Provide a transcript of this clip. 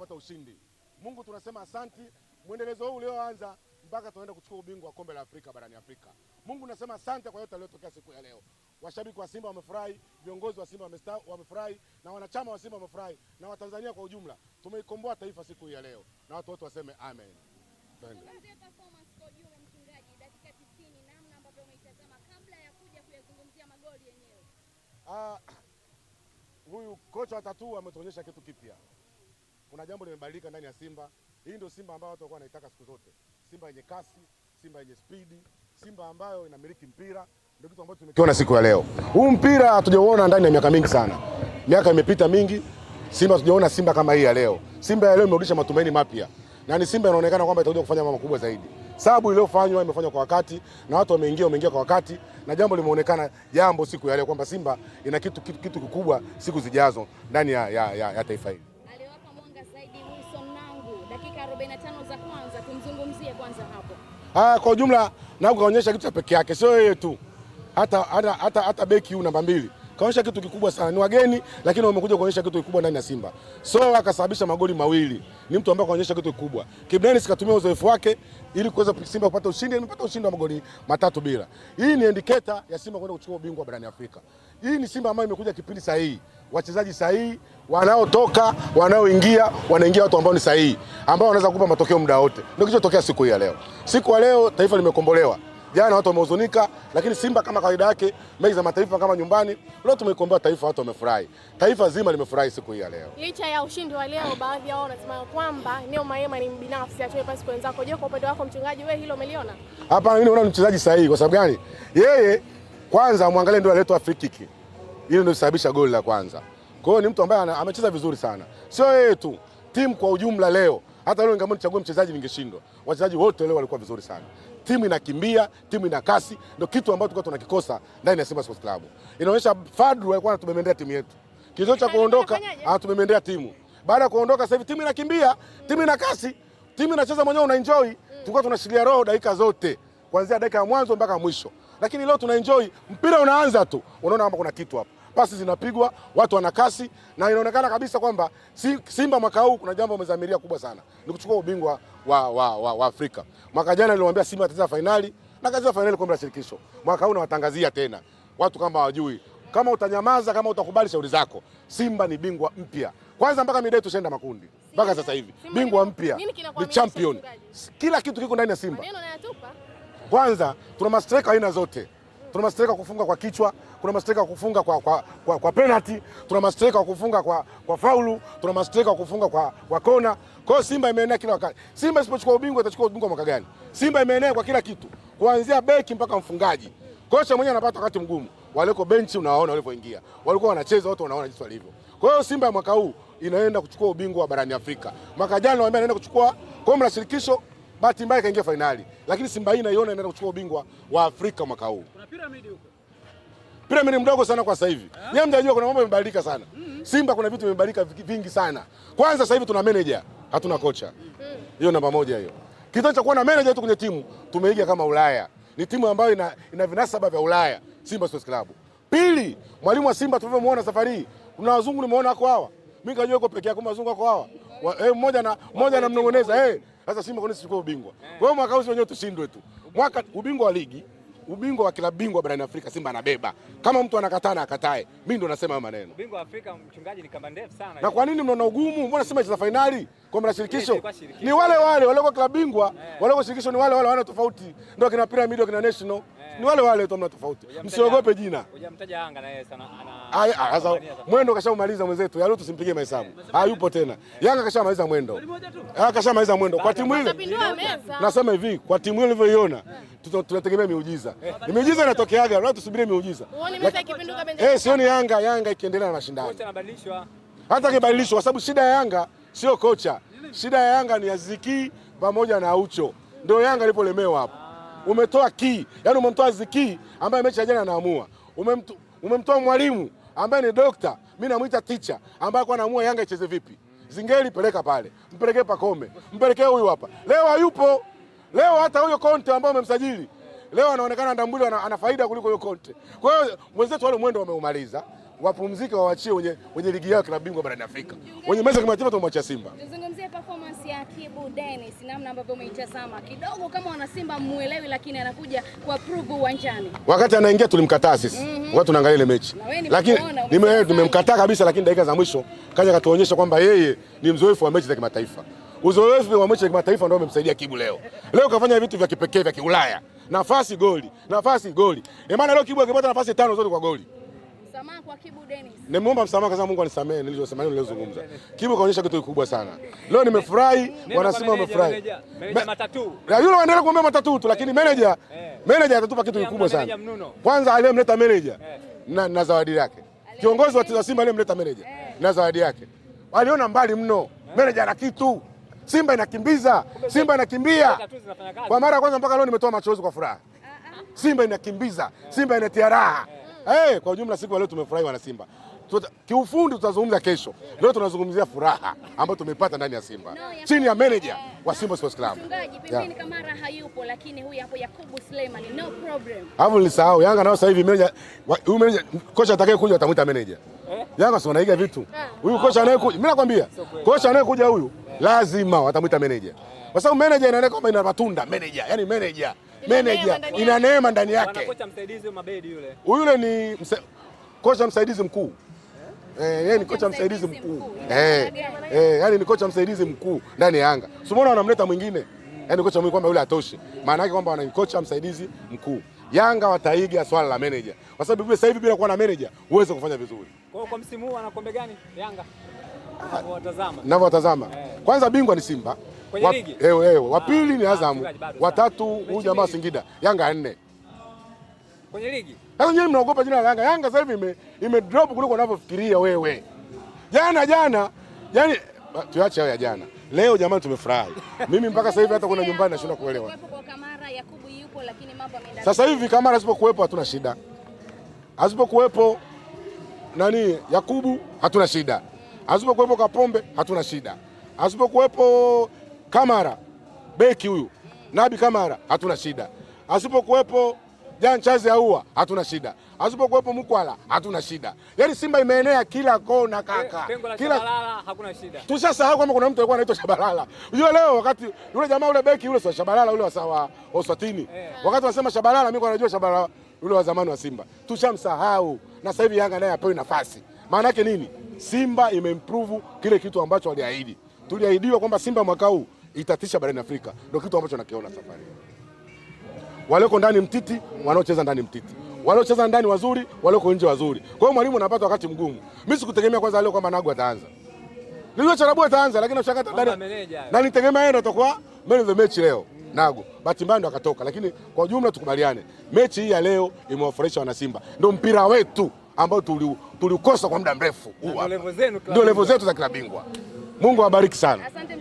kupata ushindi. Mungu tunasema asanti, mwendelezo huu ulioanza mpaka tunaenda kuchukua ubingwa wa kombe la Afrika barani Afrika. Mungu nasema asante kwa yote aliyotokea siku ya leo. Washabiki wa Simba wamefurahi, viongozi wa Simba wamefurahi, na wanachama wa Simba wamefurahi, na Watanzania kwa ujumla. Tumeikomboa taifa siku ya leo, na watu wote waseme amen. Ah, huyu kocha wa tatu ametuonyesha kitu kipya kuna jambo limebadilika ndani ya Simba. Hii ndio Simba ambayo watu walikuwa wanaitaka siku zote, Simba yenye kasi, Simba yenye spidi, Simba ambayo inamiliki mpira, ndio kitu ambacho tumekiona siku ya leo. Huu mpira hatujauona ndani ya miaka mingi sana, miaka imepita mingi, Simba hatujaona Simba kama hii ya leo. Simba ya leo imerudisha matumaini mapya na ni Simba inaonekana kwamba itakuja kufanya mambo makubwa zaidi. Sababu iliyofanywa imefanywa kwa wakati na watu wameingia wameingia kwa wakati, na jambo limeonekana jambo siku ya leo kwamba Simba ina kitu, kitu, kitu kikubwa siku zijazo ndani ya, ya, ya, ya taifa hili. 45 za kwanza, tumzungumzie kwanza hapo. Ah, kwa ujumla na kaonyesha kitu cha peke yake, sio yeye tu, hata hata hata, hata beki huyu namba mbili kaonyesha kitu kikubwa sana. Ni wageni lakini wamekuja kuonyesha kitu kikubwa ndani ya Simba. So akasababisha magoli mawili, ni mtu ambaye kaonyesha kitu kikubwa. Kibdenis katumia uzoefu wake ili kuweza Simba kupata ushindi, amepata ushindi wa magoli matatu bila. Hii ni indicator ya Simba kwenda kuchukua ubingwa barani Afrika. Hii ni Simba ambayo imekuja kipindi sahihi, wachezaji sahihi wanaotoka, wanaoingia, wanaingia watu ambao ni sahihi, ambao wanaweza kupa matokeo muda wote. Ndio kilichotokea siku hii ya leo. Siku ya leo taifa limekombolewa. Jana watu wamehuzunika, lakini Simba kama kawaida yake, mechi za mataifa kama nyumbani, leo tumekomboa taifa, watu wamefurahi. Taifa zima limefurahi siku hii ya leo. Licha ya ushindi wa leo, baadhi yao wanasema kwamba Neo Maema ni mbinafsi, atoe pasi kwa wenzako. Je, kwa upande wako mchungaji, wewe hilo umeliona? Hapana, mimi naona ni mchezaji sahihi. Kwa sababu gani? Yeye kwanza mwangalie ndio aletwa free kick. Ile ndio sababisha goli la kwanza. Kwa hiyo ni mtu ambaye amecheza vizuri sana. Sio yeye tu, timu kwa ujumla leo. Hata leo ningeamua nichague mchezaji ningeshindwa. Wachezaji wote leo walikuwa vizuri sana. Timu inakimbia, timu ina kasi, ndio kitu ambacho tulikuwa tunakikosa ndani ya Simba Sports Club. Inaonyesha Fadru alikuwa anatumemendea timu yetu. Kizo cha kuondoka anatumemendea timu. Baada ya kuondoka sasa hivi timu inakimbia, timu ina kasi, timu inacheza mwenyewe una enjoy. Mm. Tulikuwa tunashikilia roho dakika zote, kuanzia dakika ya mwanzo mpaka mwisho lakini leo tuna enjoy mpira unaanza tu, unaona kwamba kuna kitu hapa, pasi zinapigwa, watu wana kasi, na inaonekana kabisa kwamba Simba mwaka huu kuna jambo wamezamiria kubwa sana, ni kuchukua ubingwa wa, wa, wa, wa Afrika. Mwaka jana niliwaambia Simba atacheza fainali na kacheza fainali kombe la shirikisho, mwaka huu nawatangazia tena watu kama hawajui kama utanyamaza, kama utakubali shauri zako, Simba ni bingwa mpya kwanza, mpaka midai tushaenda makundi mpaka sasa hivi, bingwa mpya ni champion, kila kitu kiko ndani ya Simba. Kwanza tuna mastreka aina zote, tuna mastreka kufunga kwa kichwa, kuna mastreka kufunga kwa, kwa, kwa, kwa penalty, tuna mastreka kufunga kwa, kwa faulu, tuna mastreka kufunga kwa, kwa kona. Kwa hiyo Simba imeenea kila wakati. Simba isipochukua ubingwa itachukua ubingwa mwaka gani? Simba imeenea kwa kila kitu, kuanzia beki mpaka mfungaji. Kocha mwenyewe anapata wakati mgumu, waliko benchi unawaona walivyoingia, walikuwa wanacheza wote, unaona jinsi walivyo. Kwa hiyo Simba ya mwaka huu inaenda kuchukua ubingwa wa barani Afrika. Mwaka jana nawaambia inaenda kuchukua kombe la shirikisho bahati mbaya kaingia fainali, lakini Simba hii naiona inaenda kuchukua ubingwa wa Afrika mwaka huu. Kuna piramidi huko, piramidi mdogo sana kwa sasa hivi yeah. Yeye mtajua kuna mambo yamebadilika sana mm -hmm. Simba kuna vitu vimebadilika vingi sana. Kwanza sasa hivi tuna manager, hatuna kocha mm-hmm. hiyo -hmm. Namba moja hiyo, Kitu cha kuwa na manager tu kwenye timu tumeiga kama Ulaya, ni timu ambayo ina, ina vinasaba vya Ulaya, Simba Sports Club. Pili, mwalimu wa Simba tulivyomuona safari hii, kuna wazungu nimeona wako hawa, mimi kajua yuko peke yake, wazungu wako hawa eh, mmoja na mmoja anamnong'oneza eh hey. Sasa Simba kwani sichukua ubingwa? Kwa hiyo mwaka huu wenyewe tushindwe tu. Mwaka ubingwa wa ligi, ubingwa wa kila bingwa barani Afrika Simba anabeba. Kama mtu anakataa na akatae, mimi ndo nasema haya maneno. Ubingwa wa Afrika mchungaji ni kamba ndefu sana. Na kwa nini mnaona ugumu? Mbona Simba icheza finali Kwa la shirikisho? Ni wale wale walio kila bingwa, eh. walio shirikisho ni wale wale wana tofauti. Ndio kina pyramid, kina national. Eh. Ni wale wale tu mna tofauti. Msiogope jina. Hujamtaja Yanga na yeye sana ana Ah, sasa mwendo kashamaliza mwenzetu, yalo yaani tusimpigie mahesabu. Hayupo ah, tena. Yanga kashamaliza mwendo, Yanga ah, kashamaliza mwendo kwa timu ile. Nasema hivi kwa timu ile ilivyoiona, tunategemea miujiza. Miujiza inatokeaga, leo tusubirie miujiza. Eh, sioni Yanga Yanga ikiendelea na mashindano hata akibadilishwa, kwa sababu shida ya Yanga sio kocha, shida ya Yanga ni Aziki pamoja na Ucho. Ndio Yanga ilipolemewa hapo. Umetoa ki, yani umemtoa Aziki ambaye mechi ya jana anaamua, umemtoa mwalimu ambaye ni dokta, mi namwita ticha, ambaye alikuwa anaamua Yanga icheze vipi. Zingeli peleka pale, mpelekee Pakome, mpelekee huyu hapa. Leo hayupo. Leo hata huyo konte ambao amemsajili leo anaonekana Ndambuli ana faida kuliko huyo konte Kwa hiyo mwenzetu wale mwendo wameumaliza wapumzike, wawachie wenye, wenye ligi yao klabu bingwa barani Afrika, wenye meza kimataifa tumwachia Simba. Nizungumzie performance ya Kibu Dennis, namna ambavyo umeitazama kidogo, kama wana Simba mmuelewi, lakini anakuja kwa prove uwanjani. Wakati anaingia tulimkataa sisi mm -hmm. Watu tunaangalia ile mechi, lakini tumemkataa kabisa, lakini dakika za mwisho kaja katuonyesha kwamba yeye ni mzoefu wa mechi za kimataifa. Uzoefu wa mechi za kimataifa ndio umemsaidia Kibu leo. Leo kafanya vitu vya kipekee vya kiulaya, nafasi goli, nafasi goli. Maana leo Kibu akipata nafasi tano zote kwa goli. Msamaha kwa Kibu Dennis. Nimeomba msamaha kwa Mungu anisamehe nilizosema leo nilizozungumza. Kibu kaonyesha kitu kikubwa sana. Leo nimefurahi, wanasema wamefurahi. Meneja matatu. Yule anaendelea kuombea matatu tu lakini meneja eh. meneja atatupa kitu kikubwa sana. Kwanza aliyemleta meneja eh. na, na zawadi yake. Kiongozi wa Simba aliyemleta meneja eh. na zawadi yake. Waliona mbali mno. Meneja ana kitu. Simba inakimbiza, Simba inakimbia. Kwa mara ya kwanza mpaka leo nimetoa machozi kwa furaha. Ah. Simba inakimbiza, Simba inatia raha. Hey, eh, kwa ujumla siku leo tumefurahi wana Simba. Tuta, kiufundi tutazungumza kesho. Leo tunazungumzia furaha ambayo tumepata ndani ya Simba no, chini ya manager wa Simba Sports Club. Mchungaji yeah. Kamara hayupo lakini huyu hapo Yakubu Suleiman no problem. Hapo nilisahau Yanga nao sasa hivi manager huyu manager kocha atakayekuja atamuita manager. Eh? Yanga sio naiga vitu. Ah. Huyu ah, kocha anayekuja, mimi nakwambia, kocha anayekuja huyu lazima watamuita manager. Kwa sababu manager inaonekana kama ina matunda, manager, yani manager manager ina neema ndani yake. Kocha msaidizi Mabedi yule. Yule ni kocha msaidizi mkuu eh, eh, yeye ni kocha msaidizi mkuu. Eh, eh, eh, yani ni kocha msaidizi mkuu ndani ya Yanga. Si wanamleta mwingine? yani kocha mwingine kwamba yule atoshi. Maana yake kwamba wana kocha msaidizi mkuu. Yanga wataiga swala la manager. Kwa sababu sasa hivi bila kuwa na manager huwezi kufanya vizuri. Kwa kwa msimu huu anakombe gani Yanga? navyowatazama eh. kwanza, bingwa ni Simba wa, ewe, ewe. Eh, eh, wa ah, pili ni ah, Azamu, watatu huyu jamaa Singida, Yanga ya nne kwenye ligi. Sasa nyinyi mnaogopa jina la Yanga. Yanga sasa hivi ime drop kuliko unavyofikiria wewe. Jana jana, yani tuache haya jana. Leo jamani, tumefurahi. Mimi mpaka sasa hivi hata kuna nyumbani nashindwa kuelewa. kwa Yakubu lakini mambo Sasa hivi Kamara asipokuwepo hatuna shida, asipokuwepo nani Yakubu hatuna shida, asipokuwepo Kapombe hatuna shida, asipokuwepo Kamara beki huyu Nabi Kamara hatuna shida, asipokuwepo Jan Chaze Ahoua hatuna shida, asipokuwepo Mkwala hatuna shida. Yaani Simba imeenea kila kona eh, kaka, kila hakuna shida. Tushasahau kwamba kuna mtu alikuwa anaitwa Shabalala. Unajua leo wakati yule jamaa yule beki yule sio Shabalala yule wa sawa Oswatini. Yeah. Wakati wanasema Shabalala mimi kwa najua Shabalala yule wa zamani wa Simba. Tushamsahau na sasa hivi Yanga naye apewe nafasi. Maana yake nini? Simba imemprove kile kitu ambacho waliahidi. Tuliahidiwa kwamba Simba mwaka huu itatisha barani Afrika, ndio kitu ambacho nakiona safari. Walioko ndani mtiti, wanaocheza ndani mtiti, waliocheza ndani wazuri, walioko nje wazuri. Kwa hiyo mwalimu anapata wakati mgumu. Mimi sikutegemea kwanza leo kwamba Nagu ataanza, nilijua Charabu ataanza, lakini ndani na nitegemea yeye ndo atakuwa man of the match leo Nagu bahati mbaya ndo akatoka, lakini kwa jumla tukubaliane, mechi hii ya leo imewafurahisha Simba, ndo mpira wetu ambao tuliukosa kwa muda mrefu, ndio levo zetu za klabu bingwa. Mungu awabariki sana. Asante.